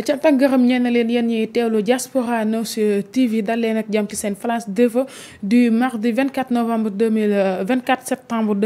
cant ak gërëm ñeen leen yéen ñiy teewlu Diaspora News TV dal leen ak jàmm ci seen flash d'info du mardi 24 novembre septembre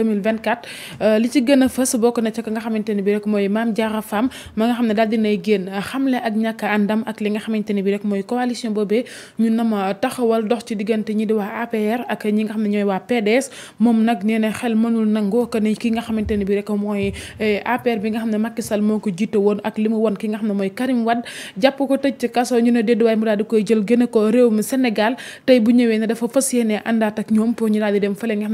euh, li ci gën a fës bokk na ne bi rek mooy Mame Diarra Fam ma nga xam ne daal dinay génn xamle ak ñàkk àndam li nga xamante ne bi rek mooy coalition boobee ñu nama taxawal dox ci diggante ñi di waa APR ak ñi nga xam ne ñooy waa PDS moom nag nee na xel mënul nangoo que ne ki nga xamante ne bi rek mooy eh, APR bi nga xam ne Macky Sall moo ko jiite woon ak li mu woon ki nga xam ne mooy Karim Wade Wade jàpp ko tëj ci kaso ñu ne déedéet waaye mu daal di koy jël génne ko réew mi Sénégal tey bu ñëwee ne dafa fas àndaat ak ñoom pour ñu daal di dem fële nga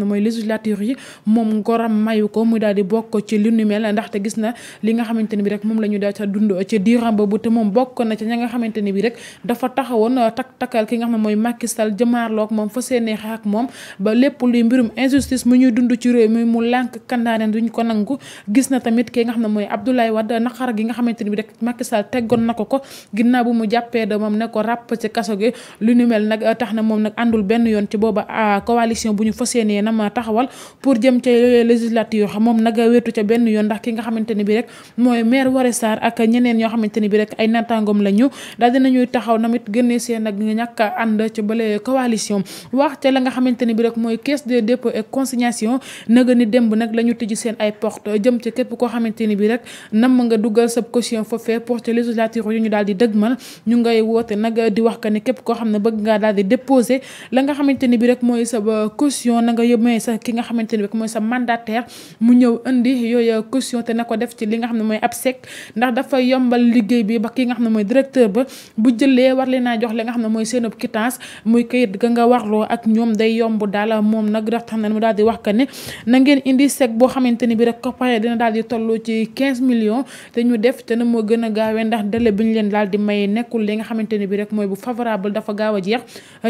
xam na li nga xamante ni bi rek moom la ñu daal ca dund ci diiram boobu te moom bokk na ci ña nga xamante ni bi rek dafa taxawoon tak takal ki nga xam ne mooy Macky Sall jëmaarloog moom fas yéene xeex ak moom mu ñuy dund ci réew mi mu lànk kandaane duñ ko nangu gis na tamit ki nga xam ne mooy Abdoulaye Wade ni bi rek Macky teggoon na na ko ko ginnaaw bu mu jàppee da moom ne ko ràpp ci kaso gi lu ni mel nag tax na moom nag àndul benn yoon ci booba coalition bu ñu fas yéenee na nga xamante ni la ñu daal dinañuy ànd ci bale coalition wax ca la nga xamante ni bi rek mooy caisse de dépôt et consignation naga ni démb nag la ñu tëj seen ay porte jëm ci képp koo xamante bi rek nam nga dugal sab caution foofee pour ca législature yu ñu daal di dëgmal ñu ngay woote nag di wax que ne képp koo xam ne la nga bi euh, mooy ab sec ndax dafa yombal liggéey bi ba ki nga xam ne mooy directeur ba bu jëlee war leen a jox li nga xam ne mooy seen quittance muy kayit ga nga warloo ak ñoom day yomb daal moom nag dafa tax na mu daal wax que ne na ngeen indi sec boo xamante ni bi rek ko pare dina daal di toll ci 15 millions te ñu def te na moo gën a gaawee ndax délai bi ñu leen daal di may nekkul li nga xamante ne bi rek mooy bu favorable dafa gaaw a jeex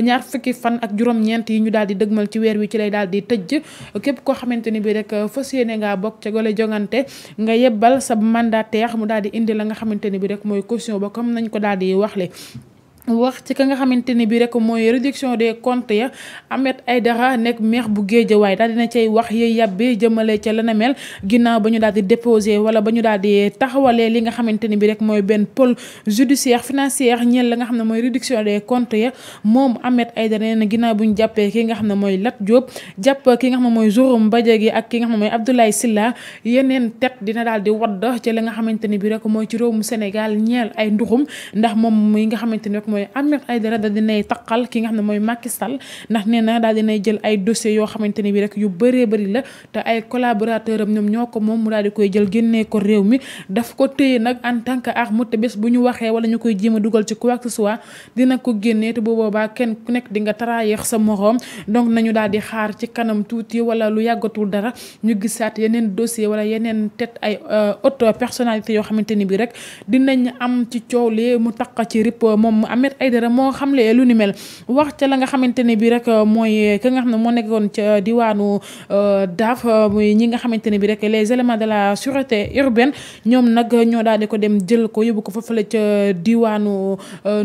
ñaar fukki fan ak juróom-ñeent yi ñu daal di dëgmal ci weer wi ci lay daal di tëj képp koo xamante ni bi rek fas yéene ngaa bokk ca gole jongante nga yebbal sa mandataire mu daal di indi la nga xamante ni bi rek mooy caution ba comme nañ ko daal di waxle wax ci ka nga xamante ne bi rek mooy réduction des comptes ya Ahmed Aïdara nekk maire bu waaye daal dina cay wax yey yàbbe jëmale ca la na mel ginnaaw ba ñu daal di déposé wala ba ñu daal di taxawalee li nga xamante ne bi rek mooy benn pôle judiciaire financière ñeel la nga xam ne mooy réduction des comptes ya moom Ahmed Aïdara nee na ginnaaw bu ñu jàppee ki nga xam ne mooy Lat Diop jàpp ki nga xam ne mooy Jérôme Badiagé ak ki nga xam ne mooy Abdoulaye Sylla yeneen tet dina daal di wadd ci la nga xamante ne bi rek mooy ci réewum Sénégal ñeel ay nduxum ndax moom mi nga xamante rek mooy Ahmed Aïdara da dinay taqal ki nga xam ne mooy Macky Sall ndax nee na daal dinay jël ay dossiers yoo xamante bi rek yu bëree bëri la te ay collaborateur am ñoo ko moom mu daal di koy jël a dugal ci quoi que dina ko génnee te bu baa kenn ku nekk di nga taraayeex sa moroom donc nañu daal di xaar ci kanam tuuti wala lu yàggatul dara ñu gisaat yeneen dossier wala yeneen tête ay euh, auto personnalité yoo xamante ni bi rek dinañ am ci coow li mu taq ci rip euh, Ahmed Aïdara moo xamle lu ni mel wax ca la nga xamante ne bi rek euh, mooy euh, ki nga xam ne moo nekkoon ca euh, diwaanu daaf muy ñi nga xamante ne bi rek les éléments de la sûreté urbaine ñoom nag ñoo daal di ko dem jël ko yóbbu ko foofale ca diwaanu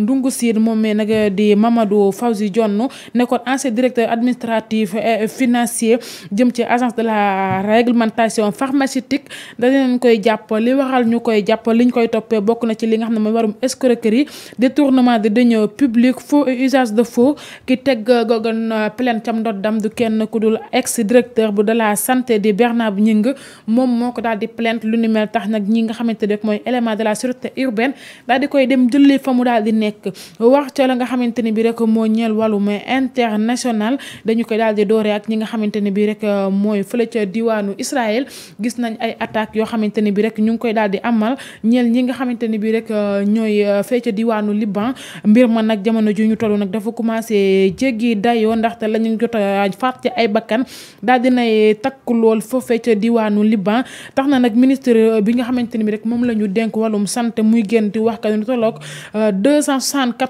Ndungu Siir moom mee nag di Mamadou si Dione nekkoon ancien directeur administratif et financier jëm ci agence de la réglementation pharmaceutique ne koy jàpp li waral ñu koy jàpp liñ koy toppee bokk na ci li nga xam ne mooy warum escroquerie détournement di dañoo public faux et usage de faux ki teg euh, gogon euh, plainte cam dam du kenn ku dul ex directeur bu de la santé di Bernard Gningue moom moo ko daal di plainte lu ni tax nag ñi nga xamante ne mooy élément de la sûreté urbaine daal di koy dem jëlee fa mu daal di nekk wax la nga xamante ni bi rek moo ñeel wàllu mais international dañu koy daal di doore ak ñi nga xamante ne bi rek euh, mooy fële ca diwaanu Israël gis nañ ay attaques yoo xamante ni bi rek ñu ngi koy daal di amal ñeel ñi nga xamante ni bi rek ñooy fee ca diwaanu Liban mbir ma nag jamono ji ñu toll nag dafa commencé jéggi dayoo ndaxte la ñu jot a faat ci ay bakkan daal dinay takk lool foofee ca diwaanu Liban tax na nag ministre bi nga xamante ni bi rek moom la ñu dénk wàllum santé muy génn di wax ka nu tolloog euh, deux cent soixante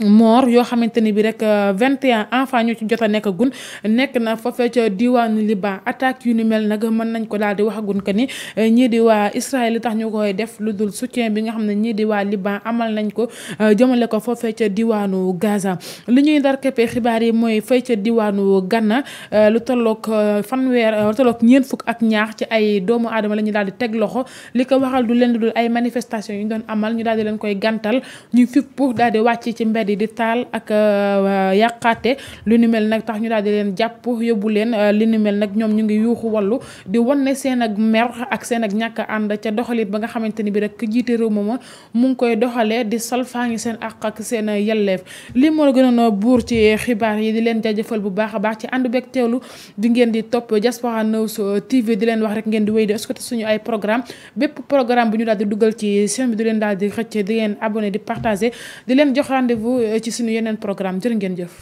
moor yoo xamante ni bi rek 21 euh, enfants ñoo ci jot a nekk gun nekk na foofee ca diwaanu Liban attaque yu ni mel nag mën nañ ko daal di wax que ni euh, ñii di waa Israël li tax ñu koy def lu dul soutien bi nga xam ne ñii di waa Liban amal nañ ko euh, jëmale ko foofee diwaanu Gaza li ñuy ndar keppee xibaar yi mooy fay diwaanu Gana lu tolloog fanweer lu tolloog ñeent fukk ak ñaar ci ay doomu aadama la ñu daal di teg loxo li ko waxal du leen dul ay manifestation yu ñu doon amal ñu daal di leen koy gantal ñu fipp daal di wàcc ci mbedd di di taal ak euh, yàqaate lu ni nag tax ñu daal di leen jàpp yóbbu leen euh, li ni mel nag ñoom ñu ngi yuuxu wallu di wane seen ak mer ak seen ak ñàkk ànd ca doxalit ba nga xamante ni bi rek jiite réew mooma mu ngi koy doxalee di ngi seen àq ak seen yelleef li moo gënoon buur ci xibaar yi di leen jaajëfal bu baax a baax ci ànd beeg teewlu di ngeen di topp Diaspora News euh, TV di leen wax rek ngeen di wéy di escorter suñu ay programme bépp programme bu ñu daal dugal ci chaîne leen daal di xëcc ci suñu yeneen programme jërë ngeen jëf